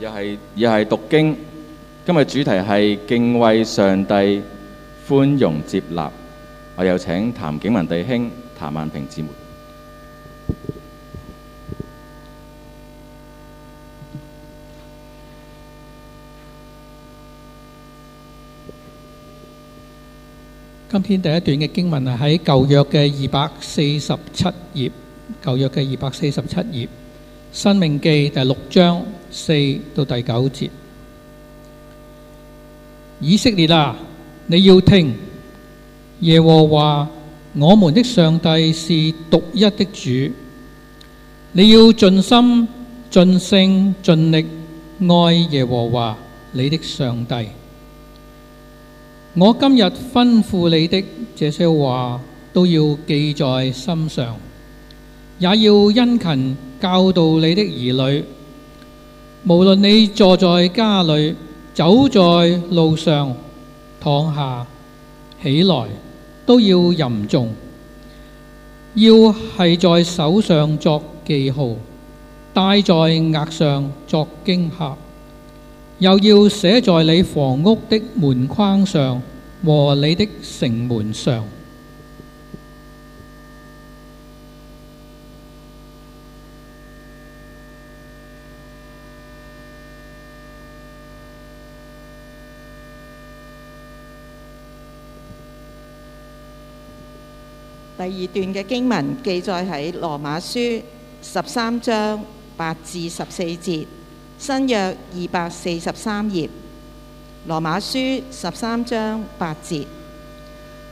又係又係讀經，今日主題係敬畏上帝、寬容接納。我有請譚景文弟兄、譚萬平姊妹。今天第一段嘅經文係，喺舊約嘅二百四十七頁，舊約嘅二百四十七頁，申命記第六章。四到第九節，以色列啊，你要聽耶和華我們的上帝是獨一的主。你要盡心、盡性、盡力愛耶和華你的上帝。我今日吩咐你的這些話，都要記在心上，也要殷勤教導你的兒女。無論你坐在家裏、走在路上、躺下，起來，都要吟重。要係在手上作記號，戴在額上作驚嚇，又要寫在你房屋的門框上和你的城門上。第二段嘅經文記載喺羅馬書十三章八至十四節，新約二百四十三頁。羅馬書十三章八節，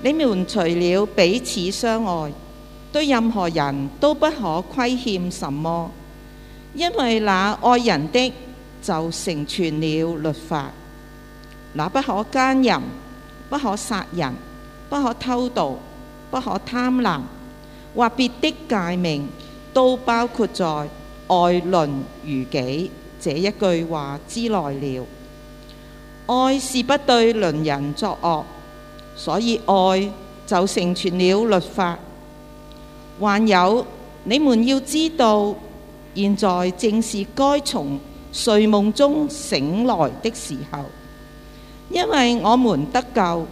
你們除了彼此相愛，對任何人都不可虧欠什麼，因為那愛人的就成全了律法。那不可姦淫，不可殺人，不可偷盜。不可貪婪，或別的誡命都包括在愛鄰如己這一句話之內了。愛是不對鄰人作惡，所以愛就成全了律法。還有你們要知道，現在正是該從睡夢中醒來的時候，因為我們得救。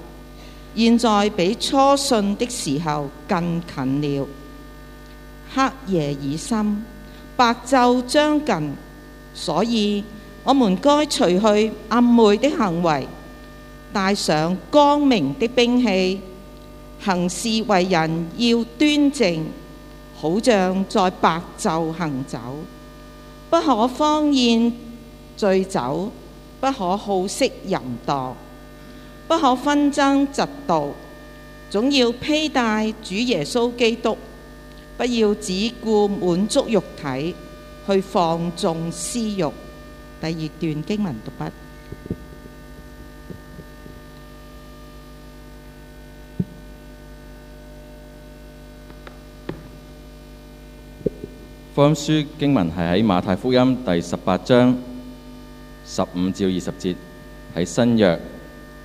現在比初信的時候更近了，黑夜已深，白晝將近，所以我們該除去暗昧的行為，帶上光明的兵器，行事為人要端正，好像在白晝行走，不可荒宴醉酒，不可好色淫蕩。不可紛爭嫉妒，總要披戴主耶穌基督，不要只顧滿足肉體去放縱私慾。第二段經文讀畢。福音書經文係喺馬太福音第十八章十五至二十節，喺新約。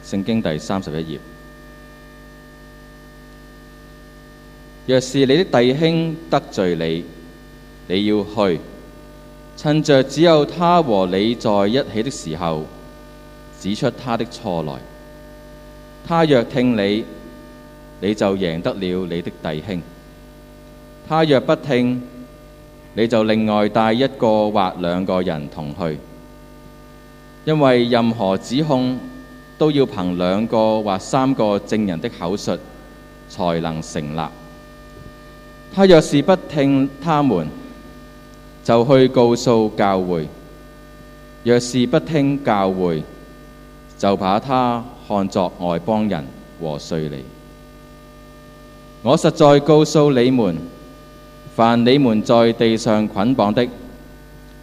聖經第三十一頁，若是你的弟兄得罪你，你要去，趁着只有他和你在一起的時候，指出他的錯來。他若聽你，你就贏得了你的弟兄；他若不聽，你就另外帶一個或兩個人同去，因為任何指控，都要憑兩個或三個證人的口述才能成立。他若是不聽他們，就去告訴教會；若是不聽教會，就把他看作外邦人和稅吏。我實在告訴你們，凡你們在地上捆綁的，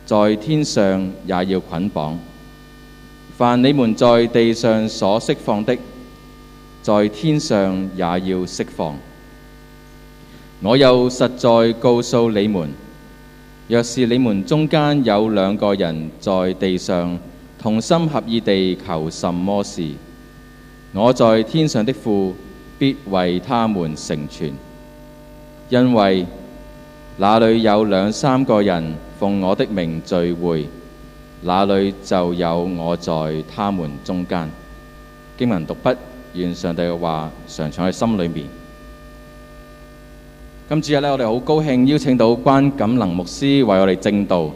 在天上也要捆綁。凡你們在地上所釋放的，在天上也要釋放。我又實在告訴你們，若是你們中間有兩個人在地上同心合意地求什麼事，我在天上的父必為他們成全，因為那裏有兩三個人奉我的名聚會。那裏就有我在他們中間。經文讀畢，願上帝嘅話常常喺心裏面。今次日咧，我哋好高興邀請到關錦能牧師為我哋證道，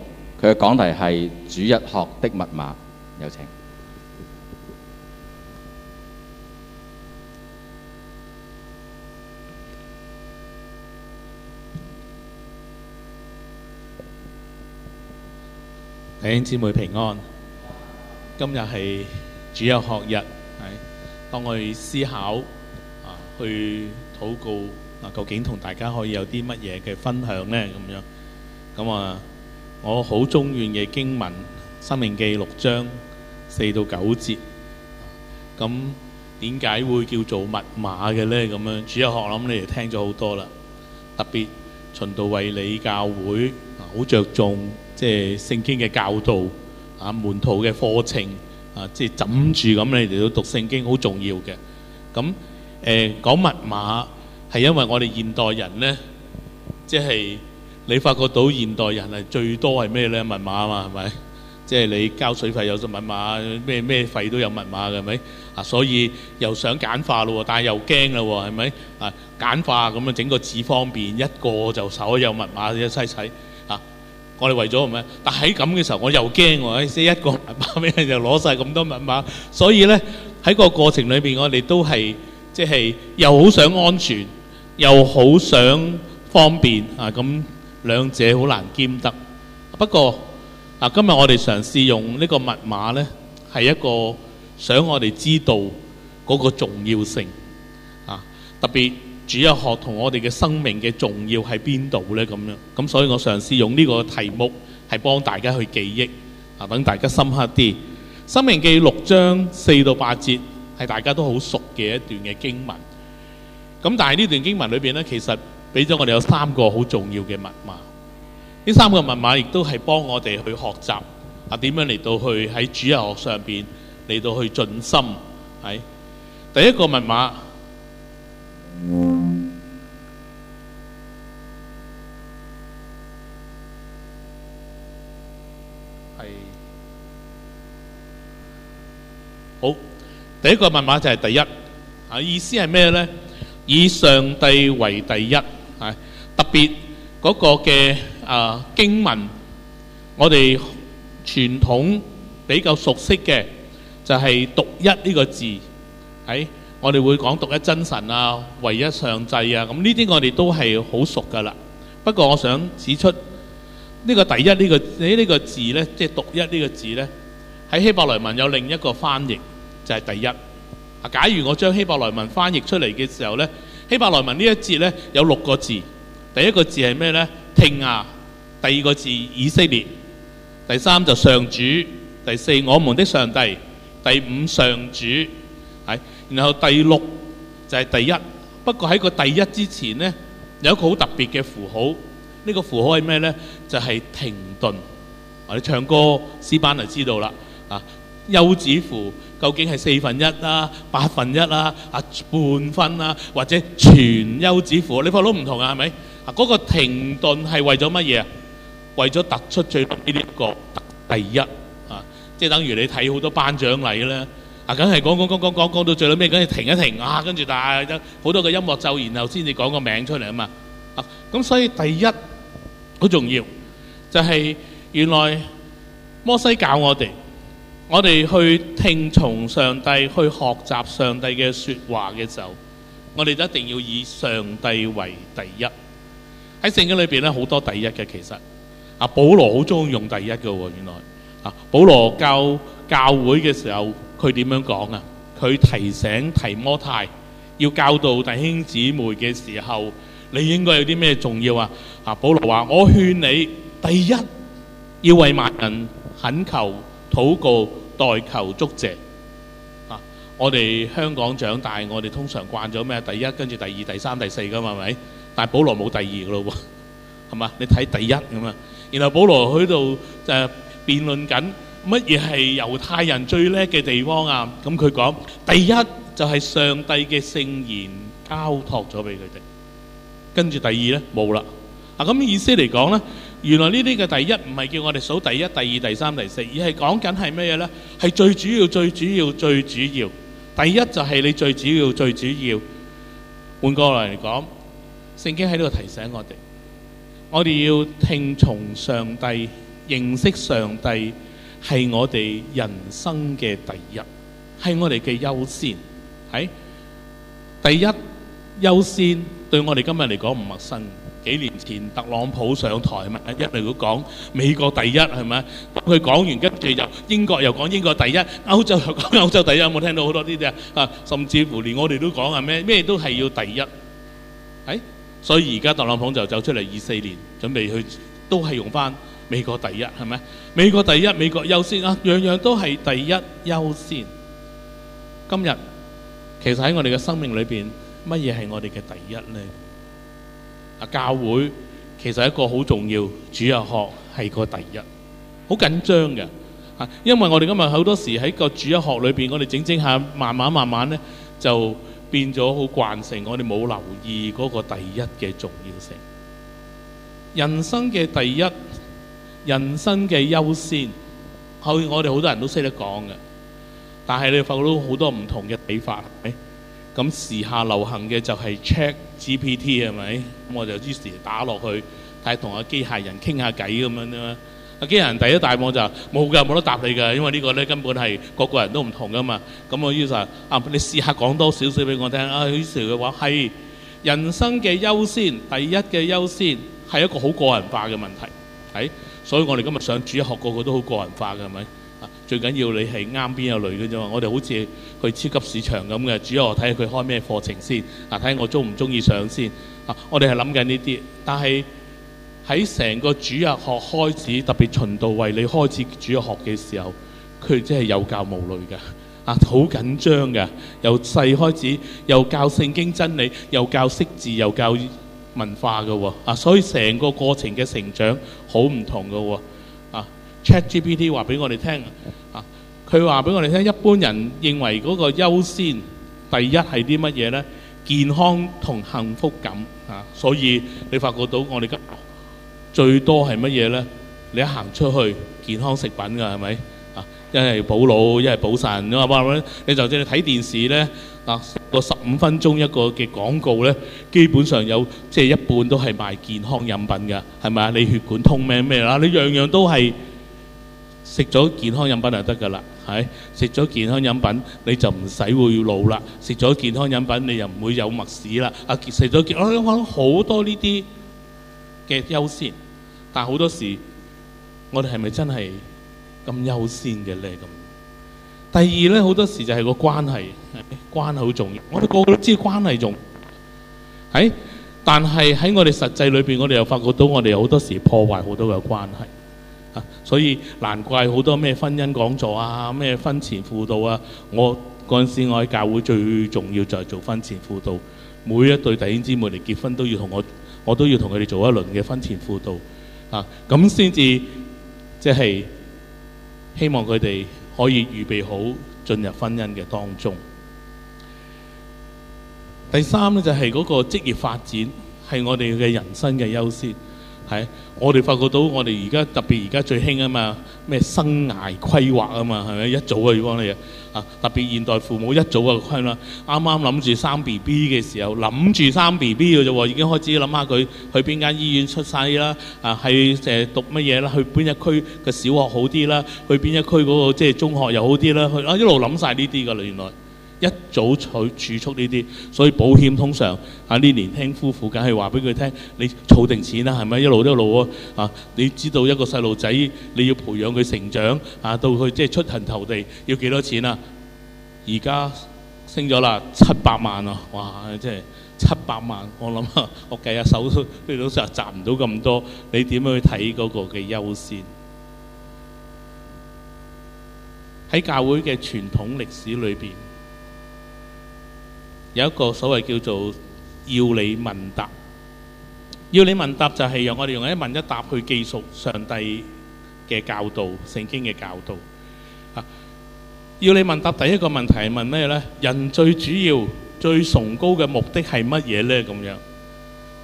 佢嘅講題係主日學的密碼。有請。弟兄姊妹平安，今日係主日學日，係幫我哋思考啊，去禱告啊，究竟同大家可以有啲乜嘢嘅分享呢？咁樣，咁啊，我好中意嘅經文申命記六章四到九節，咁點解會叫做密碼嘅咧？咁樣主日學諗你哋聽咗好多啦，特別循道衛理教會好着重。即係聖經嘅教導啊，門徒嘅課程啊，即係枕住咁你哋都讀聖經好重要嘅。咁誒講密碼係因為我哋現代人咧，即係你發覺到現代人係最多係咩咧？密碼啊嘛，係咪？即係你交水費有隻密碼，咩咩費都有密碼嘅，係咪？啊，所以又想簡化咯，但係又驚啦，係咪？啊，簡化咁樣整個字方便，一個就手有密碼一齊洗。我哋為咗係咪？但喺咁嘅時候，我又驚喎，即一個密碼俾人就攞晒咁多密碼，所以咧喺個過程裏邊，我哋都係即係又好想安全，又好想方便啊！咁兩者好難兼得。不過啊，今日我哋嘗試用呢個密碼咧，係一個想我哋知道嗰個重要性啊，特別。主日學同我哋嘅生命嘅重要喺邊度呢？咁樣咁，所以我嘗試用呢個題目係幫大家去記憶，啊，等大家深刻啲。《申命記》六章四到八節係大家都好熟嘅一段嘅經文。咁、啊、但係呢段經文裏邊呢，其實俾咗我哋有三個好重要嘅密碼。呢三個密碼亦都係幫我哋去學習啊，點樣嚟到去喺主日學上邊嚟到去進深。喺第一個密碼。嗯、好，第一個密碼就係第一啊！意思係咩呢？以上帝為第一啊！特別嗰個嘅啊經文，我哋傳統比較熟悉嘅就係“獨一”呢個字喺。我哋會講獨一真神啊，唯一上帝啊，咁呢啲我哋都係好熟噶啦。不過我想指出呢、呢個第一呢、呢個呢呢、呢個字呢，即係獨一呢個字呢，喺希伯來文有另一個翻譯就係、是、第一。啊，假如我將希伯來文翻譯出嚟嘅時候呢，希伯來文呢一節呢有六個字，第一個字係咩呢？「聽啊，第二個字以色列，第三就上主，第四我們的上帝，第五上主。係，然後第六就係第一，不過喺個第一之前咧，有一個好特別嘅符號，呢、這個符號係咩咧？就係、是、停頓。我、啊、哋唱歌詩班就知道啦。啊，休止符究竟係四分一啦、啊、八分一啦、啊、啊半分啦、啊，或者全休止符，你睇到唔同啊？係咪？嗰、啊那個停頓係為咗乜嘢？為咗突出最呢啲、這個第一啊，即係等於你睇好多頒獎禮咧。啊，梗係講講講講講講到最尾，梗係停一停啊！跟住大家好多嘅音樂奏，然後先至講個名出嚟啊嘛！啊，咁所以第一好重要，就係原來摩西教我哋，我哋去聽從上帝，去學習上帝嘅說話嘅時候，我哋就一定要以上帝為第一。喺聖經裏邊咧，好多第一嘅其實，啊保羅好中意用第一㗎，原來啊保羅教教會嘅時候。佢點樣講啊？佢提醒提摩太要教導弟兄姊妹嘅時候，你應該有啲咩重要啊？啊，保羅話：我勸你，第一要為萬人懇求、禱告、代求、祝謝。啊！我哋香港長大，我哋通常慣咗咩？第一，跟住第二、第三、第四噶嘛？係咪？但係保羅冇第二噶咯喎，係嘛？你睇第一咁啊！然後保羅喺度誒辯論緊。呃辯論乜嘢係猶太人最叻嘅地方啊？咁佢講第一就係上帝嘅聖言交託咗俾佢哋，跟住第二呢冇啦。啊，咁意思嚟講呢，原來呢啲嘅第一唔係叫我哋數第一、第二、第三、第四，而係講緊係咩嘢呢？係最主要、最主要、最主要。第一就係你最主要、最主要。換過來嚟講，聖經喺呢度提醒我哋，我哋要聽從上帝，認識上帝。係我哋人生嘅第一，係我哋嘅優先，喺第一優先，對我哋今日嚟講唔陌生。幾年前特朗普上台，係咪一嚟會講美國第一？係咪？等佢講完，跟住又英國又講英國第一，歐洲又講歐洲第一，有冇聽到好多呢啲啊？甚至乎連我哋都講係咩？咩都係要第一，誒！所以而家特朗普就走出嚟二四年，準備去都係用返。美國第一係咪？美國第一，美國優先啊！樣樣都係第一優先。今日其實喺我哋嘅生命裏邊，乜嘢係我哋嘅第一呢？啊，教會其實一個好重要，主日學係個第一，好緊張嘅啊！因為我哋今日好多時喺個主日學裏邊，我哋整整下，慢慢慢慢咧就變咗好慣性，我哋冇留意嗰個第一嘅重要性。人生嘅第一。人生嘅優先，好似我哋好多人都識得講嘅，但係你發覺到好多唔同嘅睇法係咪？咁時下流行嘅就係 ChatGPT 係咪？咁我就於是打落去，係同阿機械人傾下偈咁樣啫嘛。阿機械人第一大幕就冇㗎，冇得答你㗎，因為個呢個咧根本係個個人都唔同㗎嘛。咁我於是啊，你試下講多少少俾我聽啊。於是佢話係人生嘅優先，第一嘅優先係一個好個人化嘅問題係。所以我哋今日上主日學個個都好個人化嘅，係咪？最緊要你係啱邊個類嘅啫嘛。我哋好似去超級市場咁嘅，主日學睇下佢開咩課程先，啊睇下我鍾唔鍾意上先。我哋係諗緊呢啲，但係喺成個主日學開始，特別循道為你開始主日學嘅時候，佢真係有教無類嘅，啊好緊張嘅，由細開始又教聖經真理，又教識字，又教。文化嘅喎、哦哦，啊，所以成個過程嘅成長好唔同嘅喎，啊，ChatGPT 話俾我哋聽，啊，佢話俾我哋聽，一般人認為嗰個優先第一係啲乜嘢咧？健康同幸福感，啊，所以你發覺到我哋而家最多係乜嘢咧？你一行出去，健康食品㗎係咪？啊，一係補腦，一係補神，你話乜你就即係睇電視咧。嗱，個十五分鐘一個嘅廣告咧，基本上有即係一半都係賣健康飲品㗎，係咪啊？你血管通咩咩啦？你樣樣都係食咗健康飲品就得㗎啦，係食咗健康飲品你就唔使會老啦，食咗健康飲品你又唔會有墨屎啦，啊，食咗健康好、啊、多呢啲嘅優先，但係好多時我哋係咪真係咁優先嘅咧咁？第二咧，好多時就係個關係，關係好重要。我哋個個都知關係重，喺但係喺我哋實際裏邊，我哋又發覺到我哋好多時破壞好多嘅關係。啊，所以難怪好多咩婚姻講座啊，咩婚前輔導啊。我嗰陣時我喺教會最重要就係做婚前輔導，每一對弟兄姊妹嚟結婚都要同我，我都要同佢哋做一輪嘅婚前輔導。啊，咁先至即係希望佢哋。可以預備好進入婚姻嘅當中。第三呢，就係嗰個職業發展，係我哋嘅人生嘅優先。係，我哋發覺到我哋而家特別而家最興啊嘛，咩生涯規劃啊嘛，係咪一早啊要幫你啊？特別現代父母一早嘅規劃，啱啱諗住生 B B 嘅時候，諗住生 B B 嘅啫喎，已經開始諗下佢去邊間醫院出世啦，啊係誒讀乜嘢啦，去邊、呃、一區嘅小學好啲啦，去邊一區嗰、嗰個即係中學又好啲啦，啊一路諗晒呢啲㗎啦，原來。一早儲儲蓄呢啲，所以保險通常啊，啲年輕夫婦，梗係話俾佢聽，你儲定錢啦，啊，係咪一路一路啊。啊，嚇，你知道一個細路仔，你要培養佢成長，啊，到佢即係出人頭地，要幾多錢啊？而家升咗啦，七百萬啊！哇，即係七百萬，我諗啊，我計下手都都成日賺唔到咁多，你點樣去睇嗰個嘅優先？喺教會嘅傳統歷史裏邊。有一個所謂叫做要理問答，要理問答就係讓我哋用一問一答去記述上帝嘅教導、聖經嘅教導。要理問答第一個問題係問咩呢？「人最主要、最崇高嘅目的係乜嘢呢？」咁樣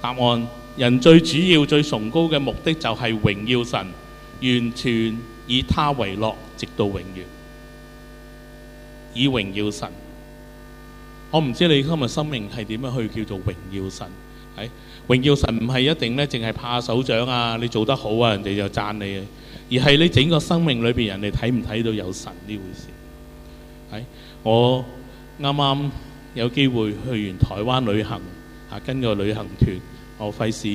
答案，人最主要、最崇高嘅目的就係榮耀神，完全以祂為樂，直到永遠，以榮耀神。我唔知你今日生命係點樣去叫做榮耀神？係榮耀神唔係一定咧，淨係拍手掌啊，你做得好啊，人哋就讚你啊，而係你整個生命裏邊，人哋睇唔睇到有神呢回事？係我啱啱有機會去完台灣旅行嚇、啊，跟個旅行團，我費事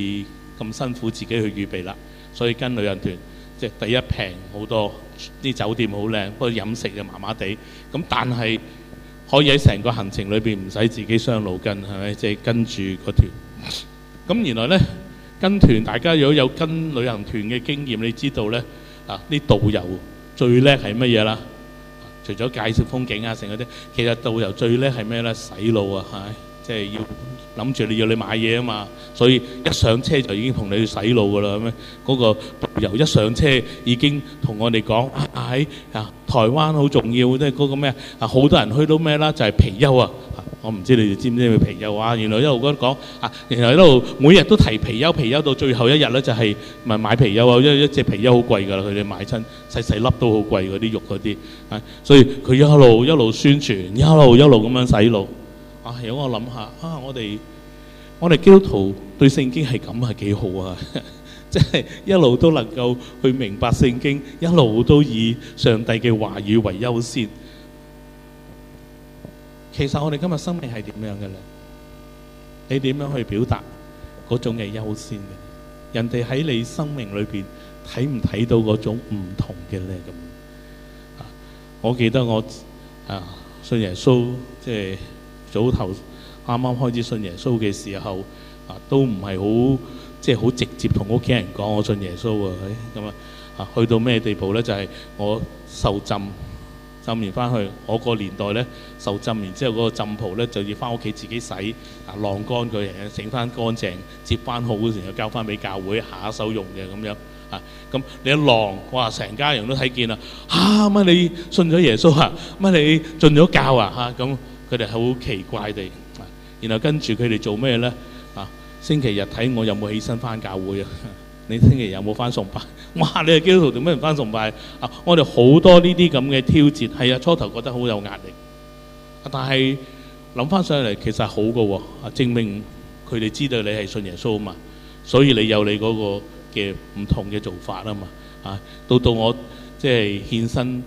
咁辛苦自己去預備啦，所以跟旅行團即係第一平好多，啲酒店好靚，不過飲食就麻麻地。咁但係。可以喺成個行程裏邊唔使自己傷腦筋，係咪？即係跟住個團。咁原來咧，跟團大家如果有跟旅行團嘅經驗，你知道咧，啊，啲導遊最叻係乜嘢啦？除咗介紹風景啊，成嗰啲，其實導遊最叻係咩咧？洗腦啊，係。即係要諗住你要你買嘢啊嘛，所以一上車就已經同你去洗腦噶啦咁樣，嗰個導遊一上車已經同我哋講唉啊台灣好重要，即係嗰個咩啊好多人去到咩啦，就係貔貅啊，我唔知你哋知唔知咩貔貅啊，原來一路咁講啊，原來一路每日都提貔貅，貔貅到最後一日咧就係咪買貔貅啊？因為一隻貔貅好貴噶啦，佢哋買親細細粒都好貴嗰啲肉嗰啲啊，所以佢一路一路宣傳，一路一路咁樣洗腦。啊，如果我諗下，啊，我哋我哋基督徒對聖經係咁係幾好啊？即係一路都能夠去明白聖經，一路都以上帝嘅話語為優先。其實我哋今日生命係點樣嘅咧？你點樣去表達嗰種嘅優先嘅？人哋喺你生命裏邊睇唔睇到嗰種唔同嘅咧？咁啊，我記得我啊信耶穌即係。早頭啱啱開始信耶穌嘅時候，啊都唔係好即係好直接同屋企人講我信耶穌，哎嗯、啊，咁啊啊去到咩地步咧？就係、是、我受浸，浸完翻去我個年代咧受浸，完之後嗰個浸袍咧就要翻屋企自己洗啊，晾乾佢，整翻乾淨，接翻好時候交翻俾教會下一手用嘅咁樣啊。咁、啊、你一晾，哇成家人都睇見啦，吓、啊、乜你信咗耶穌啊？乜你進咗教啊？吓、啊、咁。啊。佢哋好奇怪地，然後跟住佢哋做咩咧？啊，星期日睇我有冇起身翻教會啊？你星期日有冇翻崇拜？哇！你係基督徒點解唔翻崇拜？啊，我哋好多呢啲咁嘅挑戰，係啊初頭覺得好有壓力，但係諗翻上嚟其實好噶啊證明佢哋知道你係信耶穌啊嘛，所以你有你嗰個嘅唔同嘅做法啊嘛，啊到到我即係獻身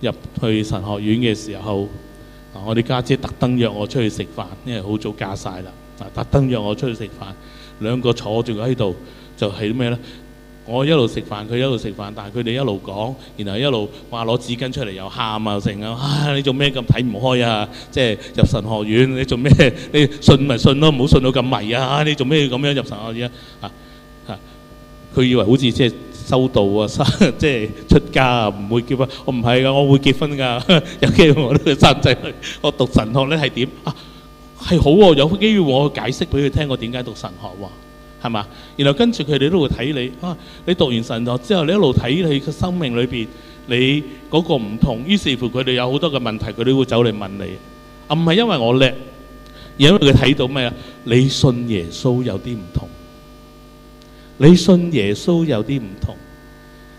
入去神學院嘅時候。我哋家姐特登約我出去食飯，因為好早嫁晒啦。啊！特登約我出去食飯，兩個坐住喺度就係咩咧？我一路食飯，佢一路食飯，但係佢哋一路講，然後一路話攞紙巾出嚟又喊啊成啊！啊！你做咩咁睇唔開啊？即係入神學院，你做咩？你信咪信咯，唔好信到咁迷啊！你做咩要咁樣入神學院啊？啊！佢以為好似即係。修道啊，即係出家啊，唔會結婚。我唔係噶，我會結婚噶。有機會我都會生仔去。我讀神學咧係點啊？係好有機會我解釋俾佢聽，我點解讀神學喎？係嘛？然後跟住佢哋都會睇你啊。你讀完神學之後，你一路睇你嘅生命裏邊，你嗰個唔同。於是乎，佢哋有好多嘅問題，佢哋會走嚟問你。唔係因為我叻，而因為佢睇到咩啊？你信耶穌有啲唔同。你信耶穌有啲唔同，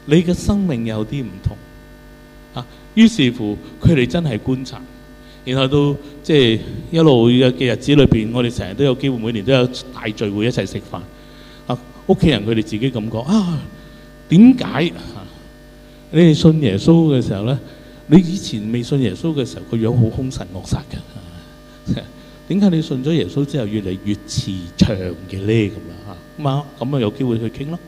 你嘅生命有啲唔同啊。於是乎，佢哋真係觀察，然後到即係一路嘅日子裏邊，我哋成日都有機會，每年都有大聚會一齊食飯啊。屋企人佢哋自己咁講啊，點解、啊、你哋信耶穌嘅時候咧，你以前未信耶穌嘅時候個樣好凶神惡煞嘅，點、啊、解、啊、你信咗耶穌之後越嚟越慈祥嘅咧咁啊？嘛咁啊，有機會去傾咯，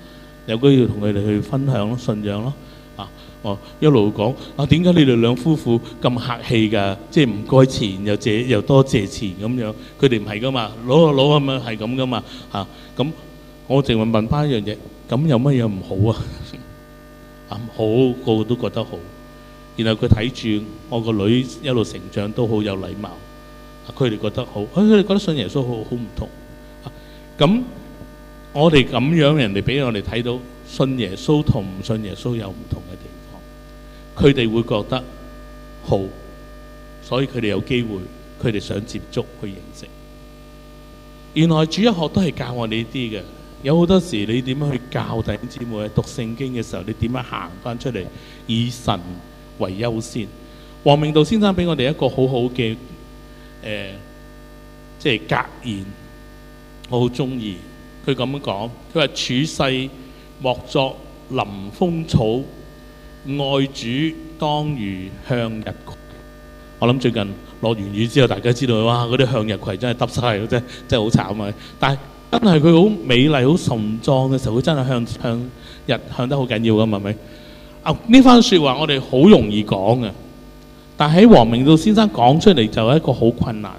有機會同佢哋去分享咯，信仰咯，啊哦一路講啊，點解你哋兩夫婦咁客氣㗎？即係唔該錢又借又多借錢咁樣，佢哋唔係㗎嘛，攞就攞啊嘛，係咁㗎嘛嚇。咁我淨係問翻一樣嘢，咁有乜嘢唔好啊？啊好，個個都覺得好。然後佢睇住我個女一路成長都好有禮貌，佢哋覺得好，佢哋覺得信耶穌好好唔同，咁。我哋咁樣，人哋俾我哋睇到信耶穌同唔信耶穌有唔同嘅地方，佢哋會覺得好，所以佢哋有機會，佢哋想接觸去認識。原來主日學都係教我哋呢啲嘅，有好多時你點樣去教弟兄姊妹喺讀聖經嘅時候，你點樣行翻出嚟以神為優先。黃明道先生俾我哋一個好好嘅，誒，即係格言，我好中意。佢咁樣講，佢話處世莫作臨風草，愛主當如向日葵。我諗最近落完雨之後，大家知道哇，嗰啲向日葵真係耷曬嘅啫，真係好慘啊！但係真係佢好美麗、好崇壯嘅時候，佢真係向向日向得好緊要嘅嘛？係咪啊？呢番説話我哋好容易講嘅，但喺王明道先生講出嚟就係一個好困難。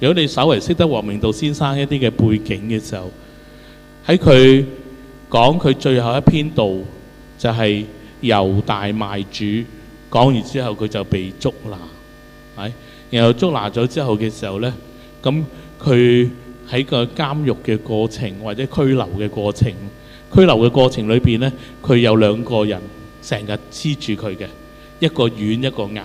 如果你稍微識得王明道先生一啲嘅背景嘅時候，喺佢講佢最後一篇道，就係猶大賣主，講完之後佢就被捉拿，係，然後捉拿咗之後嘅時候咧，咁佢喺個監獄嘅過程或者拘留嘅過程，拘留嘅過程裏邊咧，佢有兩個人成日黐住佢嘅，一個軟一個硬。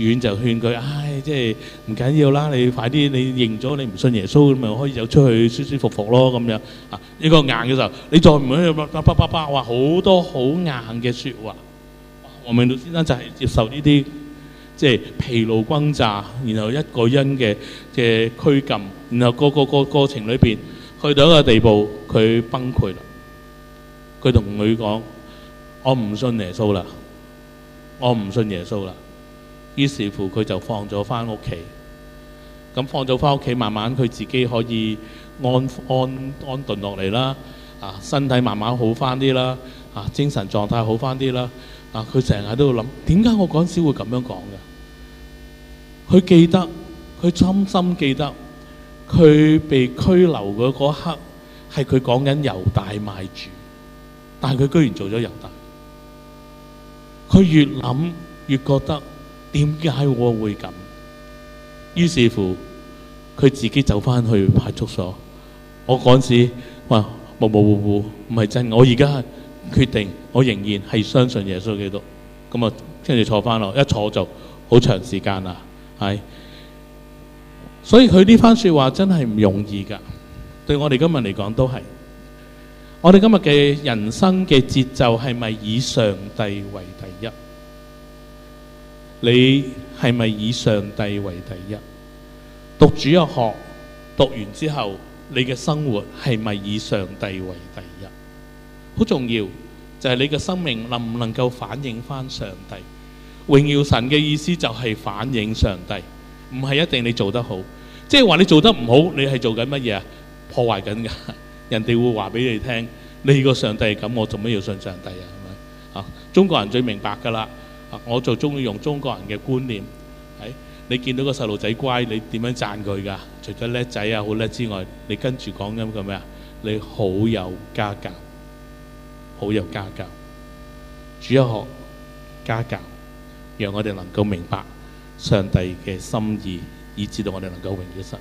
院就勸佢，唉，即係唔緊要啦，你快啲，你認咗你唔信耶穌，咁咪可以走出去舒舒服服咯，咁樣啊。呢個硬嘅時候，你再唔去，啪啪啪話好多好硬嘅說話。王明道先生就係接受呢啲，即係疲勞轟炸，然後一個人嘅嘅拘禁，然後個個個過程裏邊去到一個地步，佢崩潰啦。佢同佢講：我唔信耶穌啦，我唔信耶穌啦。於是乎佢就放咗翻屋企，咁放咗翻屋企，慢慢佢自己可以安安安頓落嚟啦，啊身體慢慢好翻啲啦，啊精神狀態好翻啲啦，啊佢成日都諗點解我嗰陣時會咁樣講嘅？佢記得，佢深深記得，佢被拘留嘅嗰刻係佢講緊猶大賣主，但係佢居然做咗猶大。佢越諗越覺得。點解我會咁？於是乎，佢自己走翻去派出所。我嗰時話：唔唔唔唔唔係真，我而家決定，我仍然係相信耶穌基督。咁啊，跟住坐翻落，一坐就好長時間啦。係，所以佢呢番說話真係唔容易噶。對我哋今日嚟講都係，我哋今日嘅人生嘅節奏係咪以上帝為第一？你係咪以上帝為第一？讀主日學，讀完之後，你嘅生活係咪以上帝為第一？好重要，就係、是、你嘅生命能唔能夠反映翻上帝榮耀神嘅意思，就係反映上帝。唔係一定你做得好，即係話你做得唔好，你係做緊乜嘢啊？破壞緊噶，人哋會話俾你聽，你個上帝咁，我做乜要信上帝啊？係咪啊？中國人最明白噶啦。我就中意用中國人嘅觀念，係你見到個細路仔乖，你點樣讚佢㗎？除咗叻仔啊、好叻之外，你跟住講緊個咩啊？你好有家教，好有家教，主日學家教，讓我哋能夠明白上帝嘅心意，以至到我哋能夠榮耀神。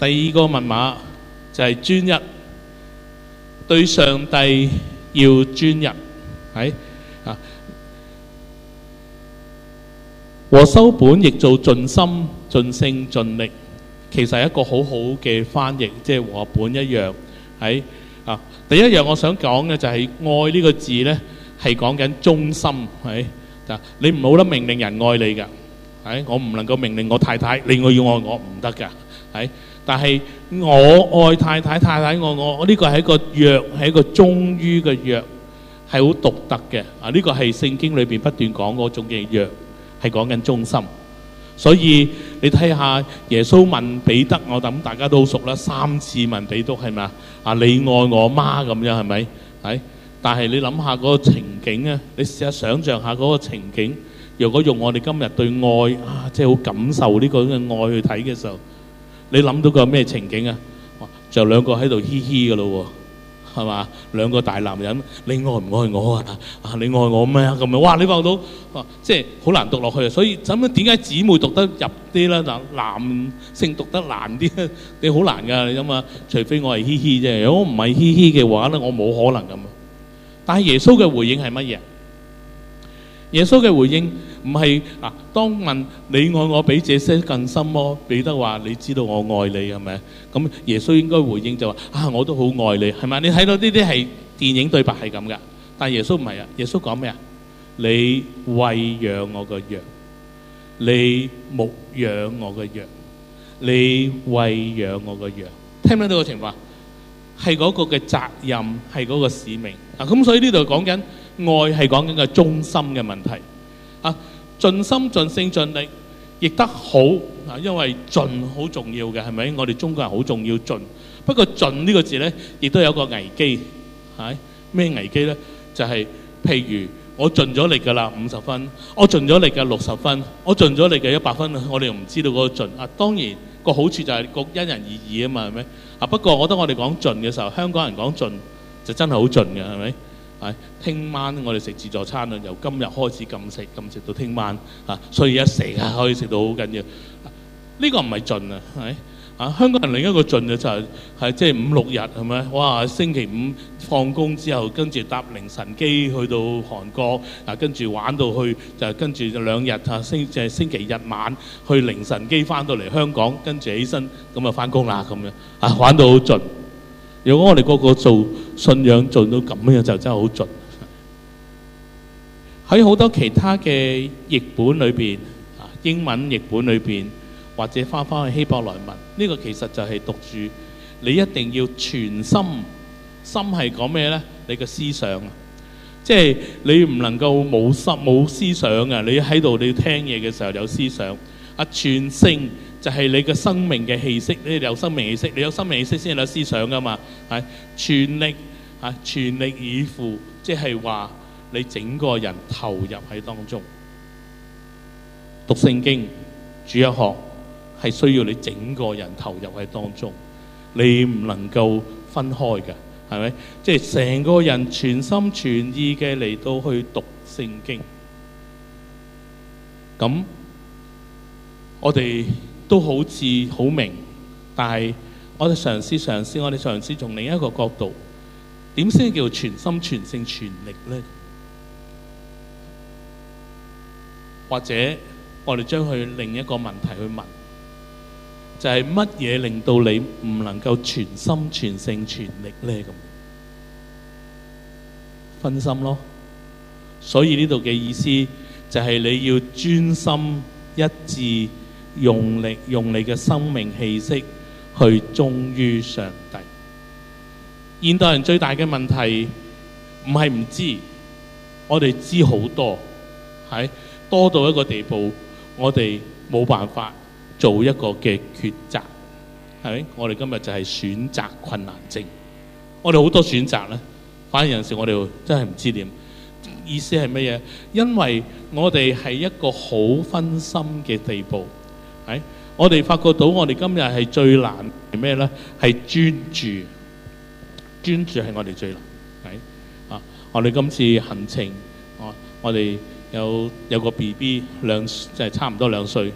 第二個密碼就係專一，對上帝。要專一，係啊！和修本亦做盡心、盡性、盡力，其實係一個好好嘅翻譯，即係和本一樣，係啊！第一樣我想講嘅就係愛呢個字咧，係講緊忠心，係啊！你唔好得命令人愛你㗎，係我唔能夠命令我太太令佢要愛我，唔得㗎，係但係。我愛太太，太太愛我，我呢個係一個約，係一個忠於嘅約，係好獨特嘅。啊，呢個係聖經裏邊不斷講嗰種嘅約，係講緊忠心。所以你睇下耶穌問彼得，我諗大家都好熟啦，三次問彼得係咪啊？你愛我媽咁樣係咪？係，但係你諗下嗰個情景啊，你試下想象下嗰個情景。若果用我哋今日對愛啊，即係好感受呢個嘅愛去睇嘅時候。你諗到個咩情景兩嘻嘻啊？就兩個喺度嘻嘻噶咯喎，係嘛？兩個大男人，你愛唔愛我啊？啊，你愛我咩啊？咁咪，哇！你望到，即係好難讀落去啊！所以，咁點解姊妹讀得入啲啦？男，性讀得難啲， 你好難噶，你諗下，除非我係嘻嘻啫，如果我唔係嘻嘻嘅話咧，我冇可能咁。但係耶穌嘅回應係乜嘢？耶穌嘅回應。唔係嗱，當問你愛我比這些更深麼？彼得話你知道我愛你係咪？咁耶穌應該回應就話：啊，我都好愛你，係咪？你睇到呢啲係電影對白係咁噶，但係耶穌唔係啊！耶穌講咩啊？你餵養我個羊，你牧養我個羊，你餵養我個羊。聽唔聽到個情況？係嗰個嘅責任，係嗰個使命啊！咁所以呢度講緊愛係講緊個忠心嘅問題啊！盡心盡性盡力，亦得好啊！因為盡好重要嘅，係咪？我哋中國人好重要盡，不過盡呢個字呢，亦都有個危機，係咩危機呢？就係、是、譬如我盡咗力噶啦，五十分；我盡咗力嘅，六十分；我盡咗力嘅，一百分，我哋唔知道嗰個盡啊！當然個好處就係個因人而異啊嘛，係咪？啊？不過我覺得我哋講盡嘅時候，香港人講盡就真係好盡嘅，係咪？係，聽晚我哋食自助餐啦，由今日開始禁食，禁食到聽晚，啊，所以一成日可以食到好緊要。呢個唔係盡啊，係啊，香港人另一個盡嘅就係係即係五六日係咪？哇，星期五放工之後，跟住搭凌晨機去到韓國，啊，跟住玩到去，就係跟住兩日啊，星即係星期日晚去凌晨機返到嚟香港，跟住起身咁啊返工啦咁樣，啊，玩到好盡。如果我哋個個做信仰做到咁樣，就真係好盡。喺 好多其他嘅譯本裏邊，啊英文譯本裏邊，或者翻翻去希伯來文，呢個其實就係讀住。你一定要全心，心係講咩咧？你嘅思想啊，即係你唔能夠冇心冇思想嘅。你喺度你聽嘢嘅時候有思想啊，全性。就係你嘅生命嘅氣息，你有生命氣息，你有生命氣息先有思想噶嘛？係全力啊，全力以赴，即係話你整個人投入喺當中讀聖經，主日學係需要你整個人投入喺當中，你唔能夠分開嘅，係咪？即係成個人全心全意嘅嚟到去讀聖經，咁我哋。都好似好明，但係我哋嘗試嘗試，我哋嘗試從另一個角度，點先叫全心全性全力呢？或者我哋將佢另一個問題去問，就係乜嘢令到你唔能夠全心全性全力呢？咁分心咯。所以呢度嘅意思就係你要專心一致。用力用你嘅生命氣息去忠於上帝。現代人最大嘅問題唔係唔知，我哋知好多，係多到一個地步，我哋冇辦法做一個嘅抉擇，係咪？我哋今日就係選擇困難症。我哋好多選擇咧，反而有陣時我哋真係唔知點意思係乜嘢，因為我哋係一個好分心嘅地步。係，right? 我哋發覺到我哋今日係最難係咩咧？係專注，專注係我哋最難。係、right? 啊，我哋今次行程，啊、我我哋有有個 BB 兩，即係差唔多兩歲。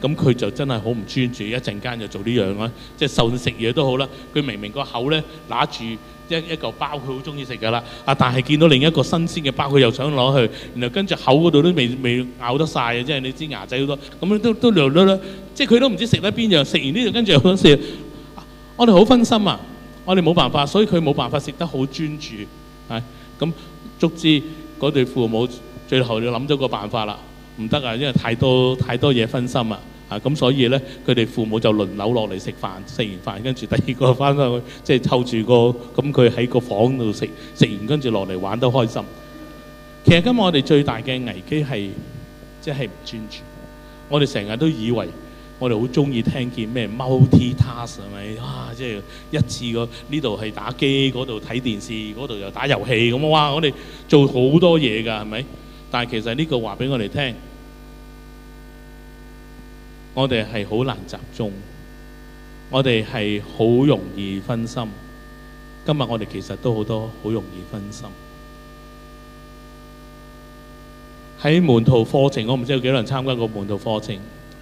咁佢就真係好唔專注，一陣間就做呢樣啦。即係就算食嘢都好啦，佢明明個口咧拿住一一嚿包，佢好中意食㗎喇。啊，但係見到另一個新鮮嘅包，佢又想攞去，然後跟住口嗰度都未未咬得曬啊！即係你知牙仔好多，咁都都略略略。即係佢都唔知食得邊樣，食完呢度跟住又想食。我哋好分心啊，我哋冇辦法，所以佢冇辦法食得好專注。係咁，足之嗰對父母最後就諗咗個辦法啦。唔得啊，因為太多太多嘢分心啊！啊，咁所以咧，佢哋父母就輪流落嚟食飯，食完飯跟住第二個翻返去，即係湊住個咁佢喺個房度食食完，跟住落嚟玩得開心。其實今日我哋最大嘅危機係即係唔專注。我哋成日都以為我哋好中意聽見咩 multi task 係咪？哇！即係一次過呢度係打機，嗰度睇電視，嗰度又打遊戲咁啊！哇！我哋做好多嘢㗎，係咪？但係其實呢個話俾我哋聽，我哋係好難集中，我哋係好容易分心。今日我哋其實都好多好容易分心。喺門徒課程，我唔知有幾多人參加過門徒課程。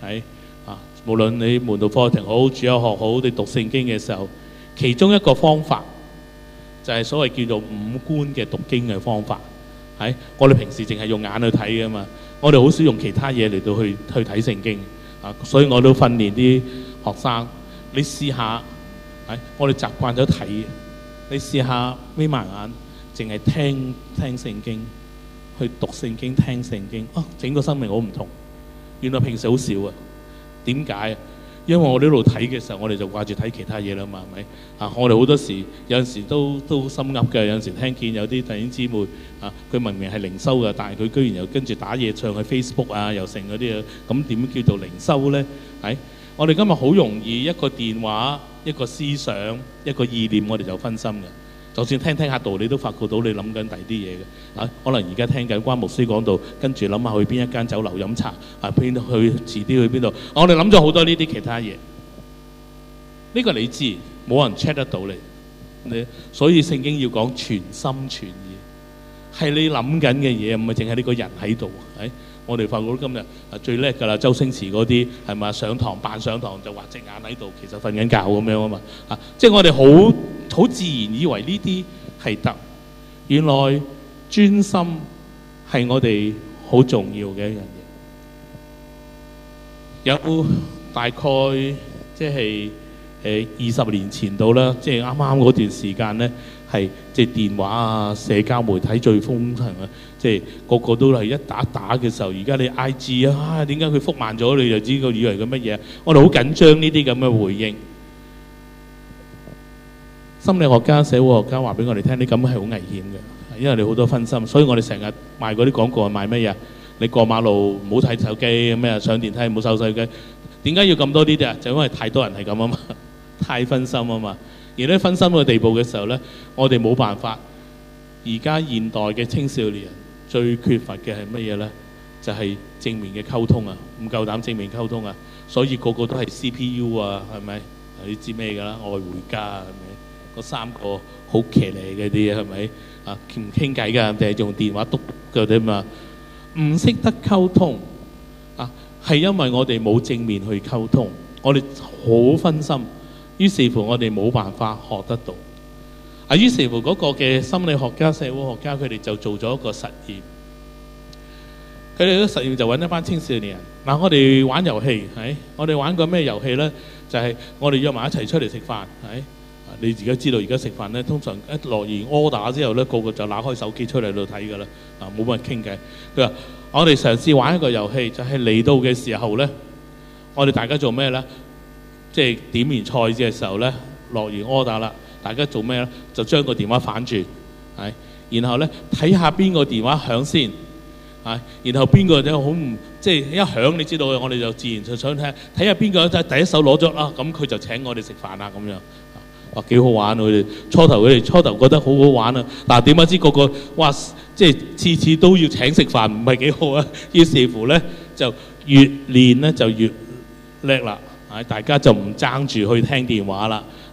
喺啊，無論你門徒課程好，主日學好，你讀聖經嘅時候，其中一個方法就係所謂叫做五官嘅讀經嘅方法。係我哋平時淨係用眼去睇嘅嘛，我哋好少用其他嘢嚟到去去睇聖經啊，所以我都訓練啲學生，你試下，係我哋習慣咗睇，你試下眯埋眼，淨係聽聽聖經，去讀聖經聽聖經啊，整個生命好唔同，原來平時好少啊，點解？因為我呢度睇嘅時候，我哋就掛住睇其他嘢啦嘛，係咪？啊，我哋好多時有陣時都都好心急嘅，有陣時聽見有啲弟兄姊妹啊，佢明明係靈修嘅，但係佢居然又跟住打嘢唱去 Facebook 啊，又剩嗰啲啊，咁點叫做靈修咧？係，我哋今日好容易一個電話、一個思想、一個意念，我哋就分心嘅。就算聽聽下道理，你都發覺到你諗緊第二啲嘢嘅，啊，可能而家聽緊關牧師講道，跟住諗下去邊一間酒樓飲茶，啊，邊去遲啲去邊度，啊，我哋諗咗好多呢啲其他嘢，呢、呢個你知，冇人 check 得到你，你，所以聖經要講全心全意，係你諗緊嘅嘢，唔係淨係你個人喺度，係。我哋發覺到今日啊，最叻噶啦，周星馳嗰啲係咪？上堂扮上堂就話隻眼喺度，其實瞓緊覺咁樣啊嘛啊！即係我哋好好自然以為呢啲係得，原來專心係我哋好重要嘅一樣嘢。有大概即係誒二十年前度啦，即係啱啱嗰段時間咧，係即係電話啊、社交媒體最風行啊。即係個個都係一打打嘅時候，而家你 IG 啊，點解佢覆慢咗？你就知道以為佢乜嘢？我哋好緊張呢啲咁嘅回應。心理學家、社會學家話俾我哋聽，啲咁係好危險嘅，因為你好多分心，所以我哋成日賣嗰啲廣告係賣乜嘢？你過馬路唔好睇手機，咩啊上電梯唔好收手機。點解要咁多呢啲啊？就因為太多人係咁啊嘛，太分心啊嘛。而呢分心個地步嘅時候咧，我哋冇辦法。而家現代嘅青少年。最缺乏嘅係乜嘢咧？就係正面嘅溝通啊，唔夠膽正面溝通啊，所以個個都係 CPU 啊，係咪？你知咩噶啦？愛回家，啊，係咪？嗰三個好騎呢嗰啲，係咪？啊，唔傾偈噶，定係用電話督佢哋嘛。唔識得溝通啊，係因為我哋冇正面去溝通，我哋好分心，於是乎我哋冇辦法學得到。啊，於是乎嗰個嘅心理學家、社會學家，佢哋就做咗一個實驗。佢哋個實驗就搵一班青少年人。嗱，我哋玩遊戲，係我哋玩個咩遊戲咧？就係我哋約埋一齊出嚟食飯，係你而家知道。而家食飯咧，通常一落完柯打之後咧，個個就攞開手機出嚟度睇㗎啦。啊，冇乜人傾偈。佢話：我哋嘗試玩一個遊戲，就係嚟到嘅時候咧，我哋大家做咩咧？即係點完菜嘅時候咧，落完柯打啦。大家做咩咧？就將個電話反轉，係，然後咧睇下邊個電話響先，係，然後邊個就好唔即係一響，你知道我哋就自然就想聽，睇下邊個第一手攞咗啦，咁啊，佢就請我哋食飯啦，咁樣，哇幾好玩啊！初頭佢哋初頭覺得好好玩啊，嗱點解知個個哇即係次次都要請食飯，唔係幾好啊！於是乎咧就越練咧就越叻啦，係，大家就唔爭住去聽電話啦。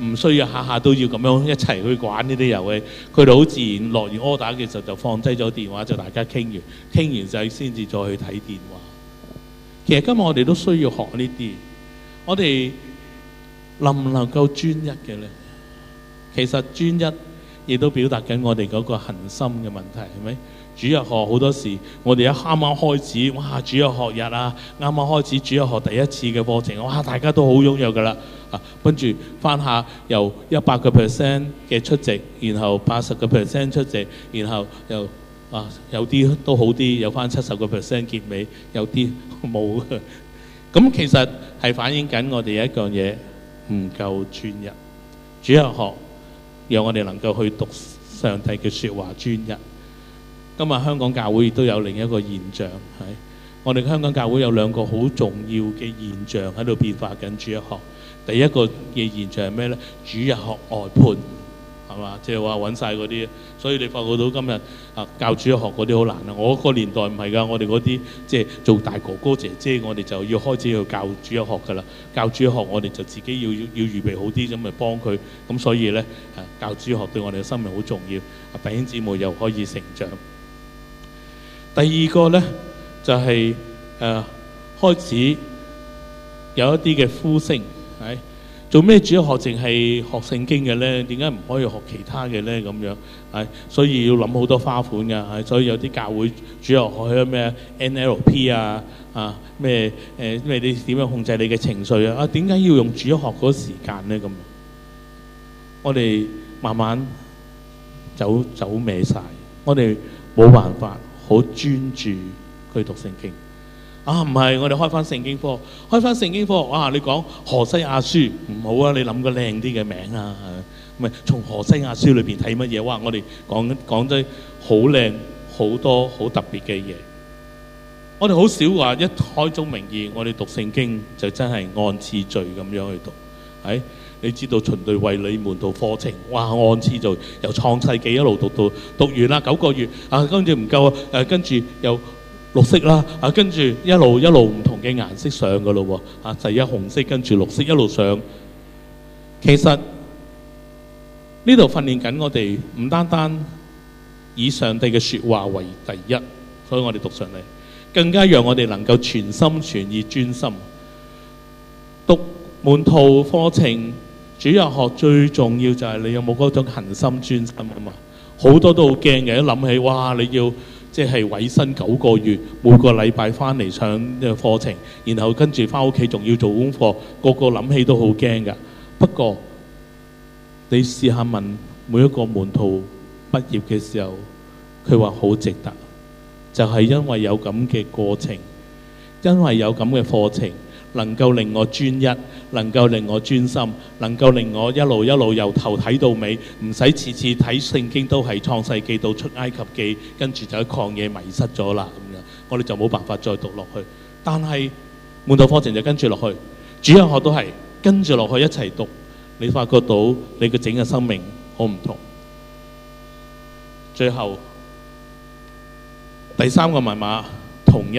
唔需要下下都要咁樣一齊去玩呢啲遊戲，佢哋好自然落完柯打，其實就放低咗電話，就大家傾完，傾完就先至再去睇電話。其實今日我哋都需要學呢啲，我哋能唔能夠專一嘅咧？其實專一亦都表達緊我哋嗰個恆心嘅問題，係咪？主日學好多時，我哋一啱啱開始，哇！主日學日啊，啱啱開始主日學第一次嘅課程，哇！大家都好踴躍㗎喇。啊，跟住翻下由一百個 percent 嘅出席，然後八十個 percent 出席，然後又啊有啲都好啲，有翻七十個 percent 結尾，有啲冇。咁、 嗯、其實係反映緊我哋一樣嘢唔夠專一。主日學讓我哋能夠去讀上帝嘅説話專一。今日香港教會亦都有另一個現象係。我哋香港教會有兩個好重要嘅現象喺度變化緊。主日學，第一個嘅現象係咩咧？主日學外判係嘛，即係話揾晒嗰啲，所以你發覺到今日啊，教主日學嗰啲好難啊！我個年代唔係㗎，我哋嗰啲即係做大哥哥姐姐，我哋就要開始去教主日學㗎啦。教主日學我哋就自己要要要預備好啲咁，咪幫佢。咁所以咧，啊教主日學對我哋嘅生命好重要，弟兄姊妹又可以成長。第二個咧。就係、是、誒、呃、開始有一啲嘅呼聲係做咩？主日學淨係學聖經嘅咧？點解唔可以學其他嘅咧？咁樣係所以要諗好多花款㗎。係所以有啲教會主日學學咩 NLP 啊啊咩誒？因、呃、你點樣控制你嘅情緒啊？啊點解要用主日學嗰時間咧？咁我哋慢慢走走歪晒。我哋冇辦法好專注。去讀聖經啊？唔係，我哋開翻聖經科。開翻聖經科啊！你講何西亞書唔好啊？你諗個靚啲嘅名啊？唔係，從何西亞書裏邊睇乜嘢？哇！我哋講講得好靚，好多好特別嘅嘢。我哋好少話一開宗明義，我哋讀聖經就真係按次序咁樣去讀。係、哎，你知道純粹為你們讀課程，哇！按次序由創世紀一路讀到讀完啦九個月啊，跟住唔夠誒，跟住又。綠色啦，啊，跟住一路一路唔同嘅顏色上噶咯喎，啊，第一，紅色跟住綠色一路上。其實呢度訓練緊我哋唔單單以上帝嘅說話為第一，所以我哋讀上嚟更加讓我哋能夠全心全意專心讀滿套課程。主日學最重要就係你有冇嗰種恆心專心啊嘛，好多都好驚嘅，一諗起哇你要。即係委身九個月，每個禮拜翻嚟上呢個課程，然後跟住翻屋企仲要做功課，個個諗起都好驚㗎。不過你試下問每一個門徒畢業嘅時候，佢話好值得，就係、是、因為有咁嘅過程，因為有咁嘅課程。能夠令我專一，能夠令我專心，能夠令我一路一路由頭睇到尾，唔使次次睇聖經都係創世記到出埃及記，跟住就喺曠野迷失咗啦咁樣，我哋就冇辦法再讀落去。但係門到課程就跟住落去，主日學都係跟住落去一齊讀，你發覺到你嘅整個生命好唔同。最後第三個密碼，同一。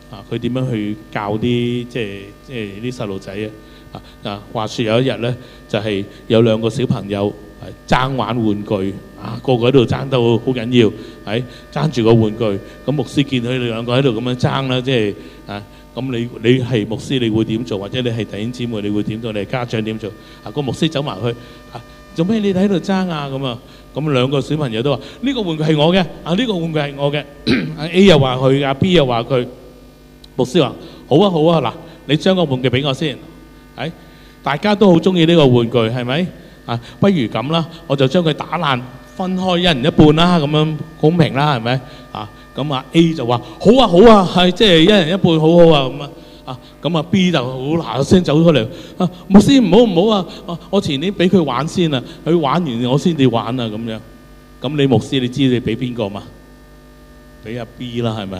啊！佢點樣去教啲即係即係啲細路仔啊？嗱，話説有一日咧，就係有兩個小朋友係爭玩玩具啊，個個喺度爭到好緊要，係爭住個玩具。咁牧師見佢哋兩個喺度咁樣爭啦，即係啊，咁你你係牧師，你會點做？或者你係弟兄姊妹，你會點做？你係家長點做？啊，個牧師走埋去，做咩你哋喺度爭啊？咁啊，咁兩個小朋友都話呢個玩具係我嘅，啊呢個玩具係我嘅，A 又話佢，阿 B 又話佢。牧師話：好啊，好啊，嗱，你將個玩具俾我先。誒、哎，大家都好中意呢個玩具，係咪？啊，不如咁啦，我就將佢打爛，分開一人一半啦，咁樣公平啦，係咪？啊，咁啊 A 就話：好啊，好啊，係即係一人一半，好好啊，咁啊，啊，咁啊 B 就好嗱聲走出嚟。啊，牧師，唔好唔好啊，我前年俾佢玩先啊，佢玩完我先至玩啊，咁樣。咁你牧師，你知你俾邊個嘛？俾阿、啊、B 啦，係咪？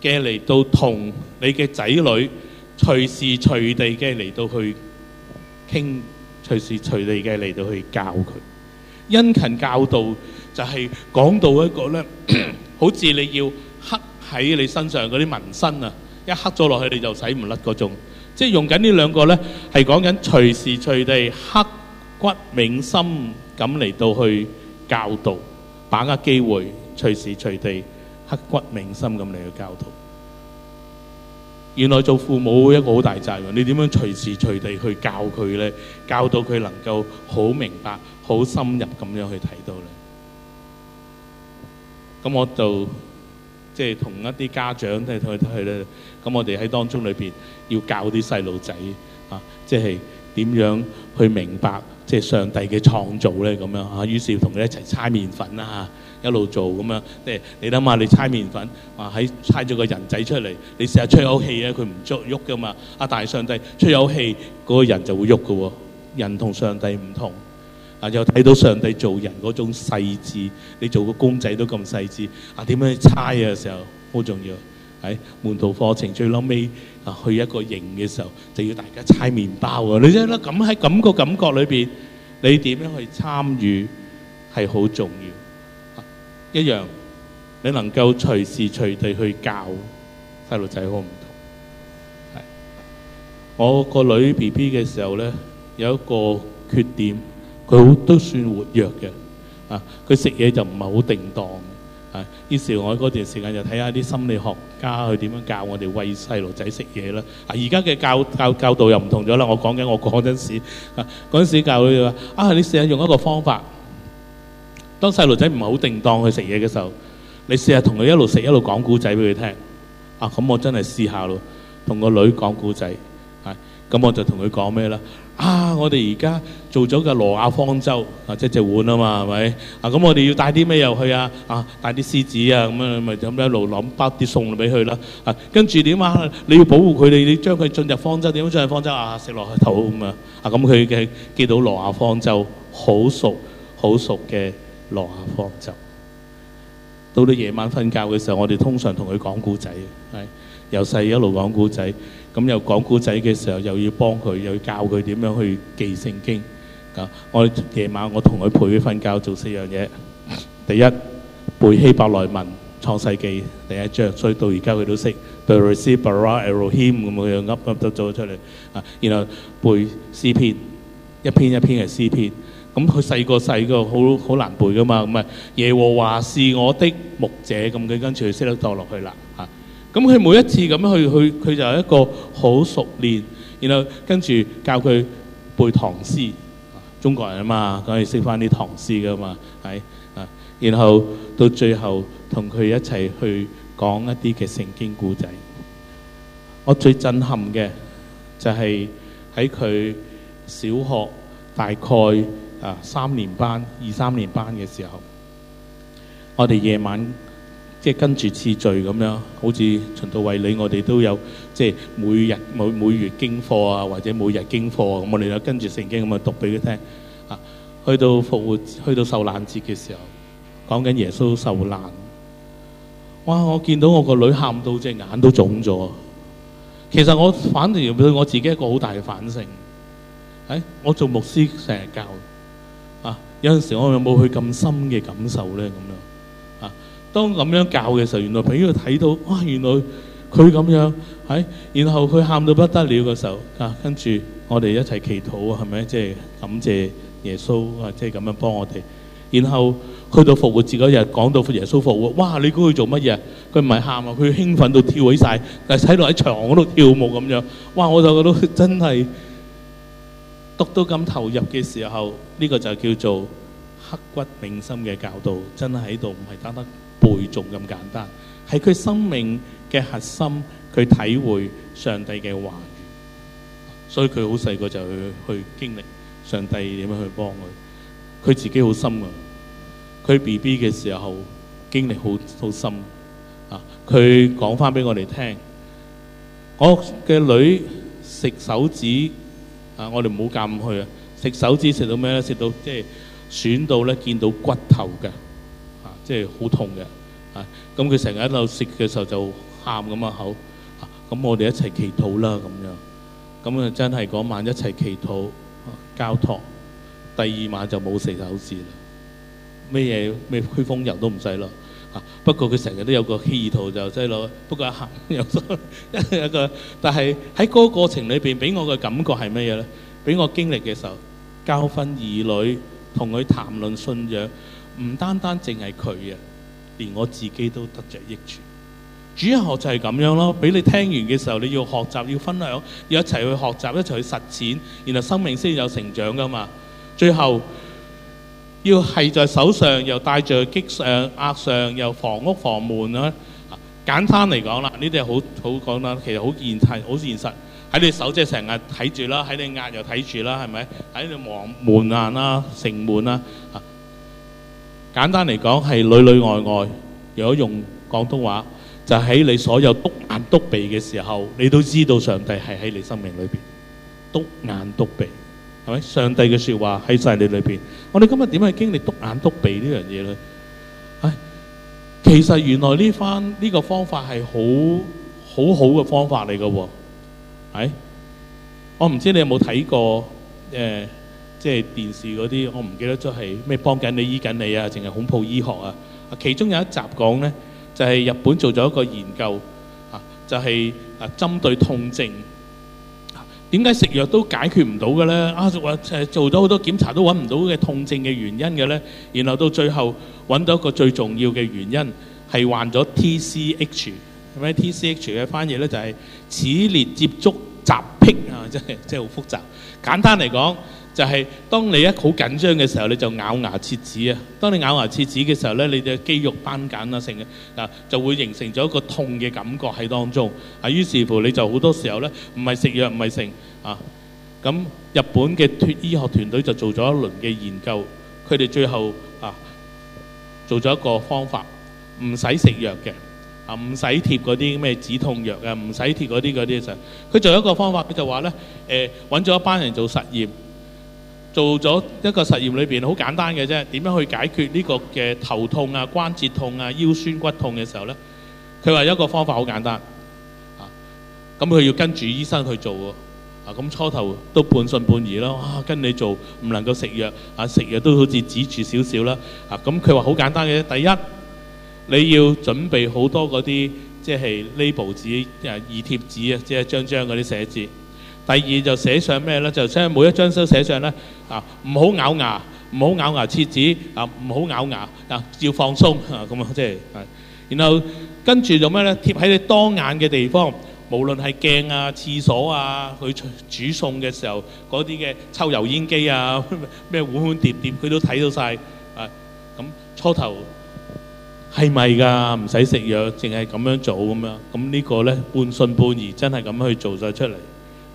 嘅嚟到，同你嘅仔女隨時隨地嘅嚟到去傾，隨時隨地嘅嚟到去教佢。殷勤教導就係講到一個咧，好似你要刻喺你身上嗰啲紋身啊，一刻咗落去你就洗唔甩嗰種。即係用緊呢兩個咧，係講緊隨時隨地刻骨銘心咁嚟到去教導，把握機會，隨時隨地。刻骨銘心咁嚟去教導，原來做父母一個好大責任，你點樣隨時隨地去教佢咧？教到佢能夠好明白、好深入咁樣去睇到咧。咁我就即係同一啲家長都係同佢哋咁，我哋喺當中裏邊要教啲細路仔啊，即係點樣去明白即係上帝嘅創造咧？咁樣啊，於是要同佢一齊猜麵粉啊。一路做咁樣，即係你諗下，你猜麪粉，話、啊、喺猜咗個人仔出嚟，你試下吹口氣啊，佢唔足喐噶嘛？啊，但係上帝吹口氣，嗰、那個人就會喐噶喎。人同上帝唔同啊，又睇到上帝做人嗰種細緻，你做個公仔都咁細緻啊，點樣去猜啊？時候好重要，喺門徒課程最孻尾啊，去一個營嘅時候，就要大家猜麪包啊。你知啦，咁喺咁個感覺裏邊，你點樣去參與係好重要。一樣，你能夠隨時隨地去教細路仔，好唔同。係我個女 B B 嘅時候咧，有一個缺點，佢都算活躍嘅。啊，佢食嘢就唔係好定當。係、啊、於是，我嗰段時間就睇下啲心理學家佢點樣教我哋餵細路仔食嘢啦。啊，而家嘅教教教導又唔同咗啦。我講緊我嗰陣時，嗰、啊、陣時教佢話：啊，你試下用一個方法。當細路仔唔係好定當去食嘢嘅時候，你試下同佢一路食一路講故仔俾佢聽。啊，咁我真係試下咯，同個女講故仔。係，咁我就同佢講咩啦？啊，我哋而家做咗個羅亞方舟啊，即隻碗啊嘛，係咪？啊，咁我哋要帶啲咩入去啊？啊，帶啲獅子啊，咁樣咪就一路諗包啲餸俾佢啦。啊，跟住點啊？你要保護佢哋，你將佢進入方舟點樣進入方舟啊？食落去肚咁啊？啊，咁佢嘅見到羅亞方舟好熟好熟嘅。落下方就到到夜晚瞓覺嘅時候，我哋通常同佢講故仔，係由細一路講故仔，咁又講故仔嘅時候又要幫佢，又要教佢點樣去記聖經。啊，我夜晚我同佢陪佢瞓覺做四樣嘢。第一背希伯來文創世記第一章，所以到而家佢都識。Bereshit bara Elohim 咁樣噏噏都，都做得出嚟。啊，然後背詩篇，一篇一篇嘅詩篇。咁佢細個細個好好難背噶嘛，咁啊耶和華是我的牧者，咁佢跟住識得讀落去啦。吓，咁佢每一次咁樣佢佢佢就有一個好熟練，然後跟住教佢背唐詩，中國人啊嘛，梗係識翻啲唐詩噶嘛，係啊，然後到最後同佢一齊去講一啲嘅聖經故仔，我最震撼嘅就係喺佢小學大概。啊，三年班、二三年班嘅時候，我哋夜晚即係跟住次序咁樣，好似循道衞理，我哋都有即係每日每每月經課啊，或者每日經課，我哋又跟住聖經咁樣讀俾佢聽。啊，去到復活，去到受難節嘅時候，講緊耶穌受難，哇！我見到我個女喊到隻眼都腫咗，其實我反而對我自己一個好大嘅反省。誒、哎，我做牧師成日教。有陣時我有冇佢咁深嘅感受咧？咁樣啊，當咁樣教嘅時候，原來俾佢睇到哇，原來佢咁樣，係，然後佢喊到不得了嘅時候，啊，跟住我哋一齊祈禱啊，係咪？即係感謝耶穌啊，即係咁樣幫我哋。然後去到復活節嗰日，講到耶穌復活，哇！你估佢做乜嘢？佢唔係喊啊，佢興奮到跳起晒，但係睇落喺牆嗰度跳舞咁樣。哇！我就覺得真係～讀到咁投入嘅時候，呢個就叫做刻骨銘心嘅教導，真係喺度，唔係單單背誦咁簡單，係佢生命嘅核心，佢體會上帝嘅話語。所以佢好細個就去去經歷上帝點樣去幫佢，佢自己好深啊。佢 B B 嘅時候經歷好好深啊！佢講翻俾我哋聽，我嘅女食手指。啊！我哋唔好夾硬去啊！食手指食到咩咧？食到即係損到咧，見到骨頭嘅，啊！即係好痛嘅，啊！咁佢成日喺度食嘅時候就喊咁啊口，咁我哋一齊祈禱啦咁樣，樣，咁啊真係嗰晚一齊祈禱交託，第二晚就冇食手指啦，咩嘢咩驅風油都唔使啦。啊、不過佢成日都有個企圖，就真係囉。不過行有咗一個，但係喺嗰個過程裏邊，俾我嘅感覺係乜嘢呢？俾我經歷嘅時候，教訓兒女，同佢談論信仰，唔單單淨係佢啊，連我自己都得着益處。主日學就係咁樣咯，俾你聽完嘅時候，你要學習，要分享，要一齊去學習，一齊去實踐，然後生命先有成長噶嘛。最後。要繫在手上，又帶住擊上壓上，又房屋房門啊！簡單嚟講啦，呢啲係好好講啦，其實好現實，好現實。喺你手即係成日睇住啦，喺你額又睇住啦，係咪？喺你望門欄啊、城門啊，簡單嚟講係裏裏外外。如果用廣東話，就喺你所有篤眼篤鼻嘅時候，你都知道上帝係喺你生命裏邊篤眼篤鼻。係咪上帝嘅說話喺晒你裏邊？我哋今日點去經歷篤眼篤鼻呢樣嘢咧？唉，其實原來呢番呢個方法係好好好嘅方法嚟嘅喎。係，我唔知你有冇睇過誒，即係電視嗰啲，我唔記得咗係咩幫緊你醫緊你啊，淨係恐怖醫學啊。其中有一集講咧，就係日本做咗一個研究啊，就係誒針對痛症。點解食藥都解決唔到嘅咧？啊，話誒做咗好多檢查都揾唔到嘅痛症嘅原因嘅咧，然後到最後揾到一個最重要嘅原因係患咗 TCH。咁咧 TCH 嘅翻譯咧就係齒列接觸雜癖啊，真係真係好複雜。簡單嚟講，就係當你一好緊張嘅時候，你就咬牙切齒啊。當你咬牙切齒嘅時候咧，你嘅肌肉繃緊啊，成啊就會形成咗一個痛嘅感覺喺當中啊。於是乎你就好多時候咧，唔係食藥唔係成啊。咁日本嘅醫學團隊就做咗一輪嘅研究，佢哋最後啊做咗一個方法，唔使食藥嘅啊，唔使貼嗰啲咩止痛藥啊，唔使貼嗰啲嗰啲就。佢做一個方法，佢就話咧誒揾咗一班人做實驗。做咗一個實驗裏邊好簡單嘅啫，點樣去解決呢個嘅頭痛啊、關節痛啊、腰酸骨痛嘅時候呢？佢話一個方法好簡單啊，咁佢要跟住醫生去做喎啊，咁、啊、初頭都半信半疑咯，啊，跟你做唔能夠食藥啊，食藥都好似止住少少啦啊，咁佢話好簡單嘅，第一你要準備好多嗰啲即係呢部紙啊，易貼紙啊，即係一張張嗰啲寫字。第二就寫上咩呢？就即係每一張都寫上呢，啊唔好咬牙，唔好咬牙切齒，啊唔好咬牙，啊要放鬆咁啊，即係，然後跟住做咩呢？貼喺你當眼嘅地方，無論係鏡啊、廁所啊、去煮餸嘅時候，嗰啲嘅抽油煙機啊，咩碗碗碟碟，佢都睇到晒啊。咁初頭係咪㗎？唔使食藥，淨係咁樣做咁樣，咁呢個呢半信半疑，真係咁去做晒出嚟。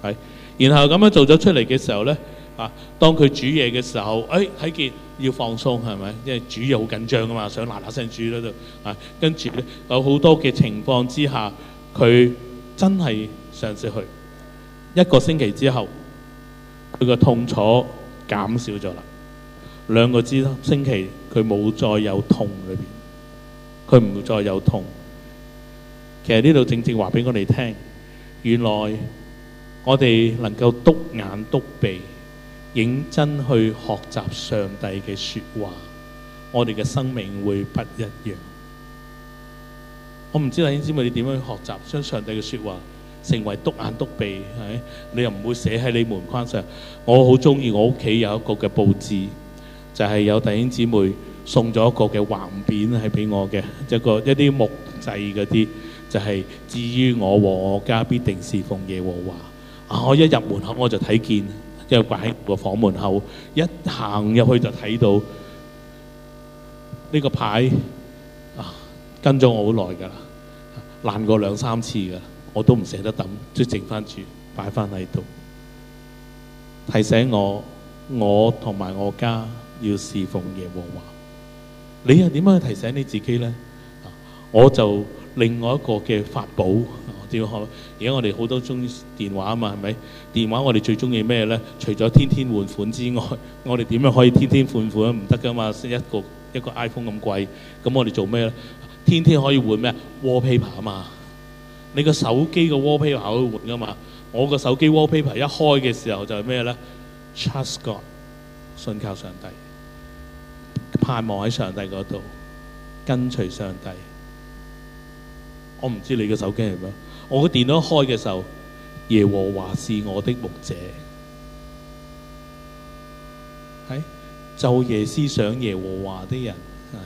係，然後咁樣做咗出嚟嘅時候咧，啊，當佢煮嘢嘅時候，誒，睇、哎、見要放鬆係咪？因為煮嘢好緊張噶嘛，想嗱嗱聲煮喺度。啊，跟住咧有好多嘅情況之下，佢真係嘗試去。一個星期之後，佢個痛楚減少咗啦。兩個之星期，佢冇再有痛裏邊，佢唔再有痛。其實呢度正正話俾我哋聽，原來。我哋能夠篤眼篤鼻，認真去學習上帝嘅説話，我哋嘅生命會不一樣。我唔知道弟兄姐妹你點樣學習將上帝嘅説話成為篤眼篤鼻。你又唔會寫喺你門框上。我好鍾意我屋企有一個嘅佈置，就係、是、有弟兄姐妹送咗一個嘅橫匾係俾我嘅，就是、一個一啲木製嗰啲，就係至於我和我家必定事奉耶和華。我一入門口我就睇見，就掛喺個房門口，一行入去就睇到呢個牌，啊，跟咗我好耐噶啦，爛過兩三次噶，我都唔捨得抌，即係淨翻住擺翻喺度，提醒我我同埋我家要侍奉耶和華。你又點樣去提醒你自己咧？我就另外一個嘅法寶。而家我哋好多中意電話啊嘛，係咪？電話我哋最中意咩咧？除咗天天換款之外，我哋點樣可以天天換款？唔得噶嘛，一個一個 iPhone 咁貴。咁我哋做咩咧？天天可以換咩啊？Wallpaper 啊嘛，你個手機個 Wallpaper 可以換噶嘛？我個手機 Wallpaper 一開嘅時候就係咩咧？Trust God，信靠上帝，盼望喺上帝嗰度，跟隨上帝。我唔知你個手機係咩。我嘅電腦開嘅時候，耶和華是我的牧者。喺晝夜思想耶和華的人，啊，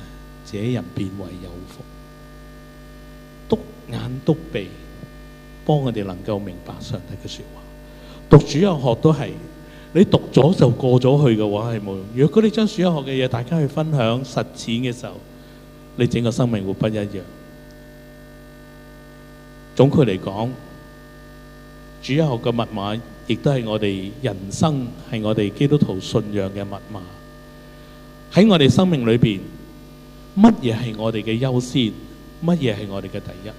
這人便為有福。篤眼篤鼻，幫我哋能夠明白上帝嘅說話。讀主日學都係，你讀咗就過咗去嘅話係冇用。如果你將主日學嘅嘢，大家去分享實踐嘅時候，你整個生命會不一樣。總括嚟講，主要嘅密碼亦都係我哋人生，係我哋基督徒信仰嘅密碼。喺我哋生命裏面，乜嘢係我哋嘅優先，乜嘢係我哋嘅第一？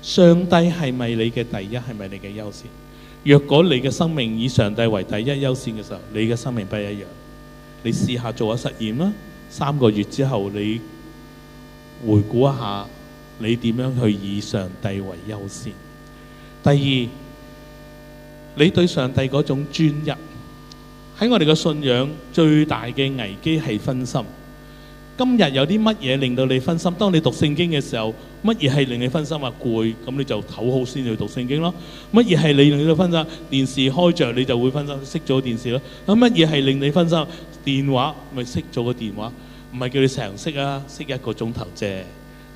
上帝係咪你嘅第一？係咪你嘅優先？若果你嘅生命以上帝為第一優先嘅時候，你嘅生命不一樣。你試下做下實驗啦，三個月之後你回顧一下。你點樣去以上帝為優先？第二，你對上帝嗰種專一，喺我哋嘅信仰最大嘅危機係分心。今日有啲乜嘢令到你分心？當你讀聖經嘅時候，乜嘢係令你分心？話攰，咁你就唞好先去讀聖經咯。乜嘢係你令到分心？電視開着你就會分心，熄咗電視咯。咁乜嘢係令你分心？電話咪熄咗個電話，唔係叫你成日熄啊，熄一個鐘頭啫。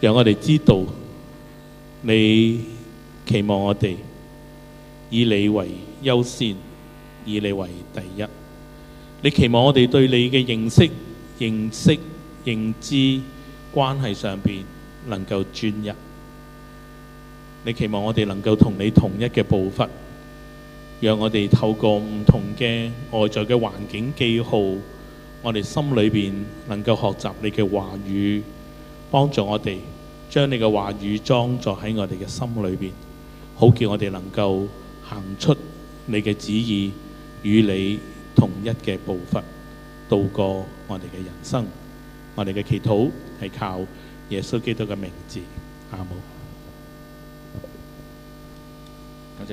讓我哋知道，你期望我哋以你為優先，以你為第一。你期望我哋對你嘅認識、認識、認知關係上邊能夠專一。你期望我哋能夠同你同一嘅步伐，讓我哋透過唔同嘅外在嘅環境記號，我哋心裏邊能夠學習你嘅話語。幫助我哋將你嘅話語裝作喺我哋嘅心裏邊，好叫我哋能夠行出你嘅旨意，與你同一嘅步伐度過我哋嘅人生。我哋嘅祈禱係靠耶穌基督嘅名字，阿們。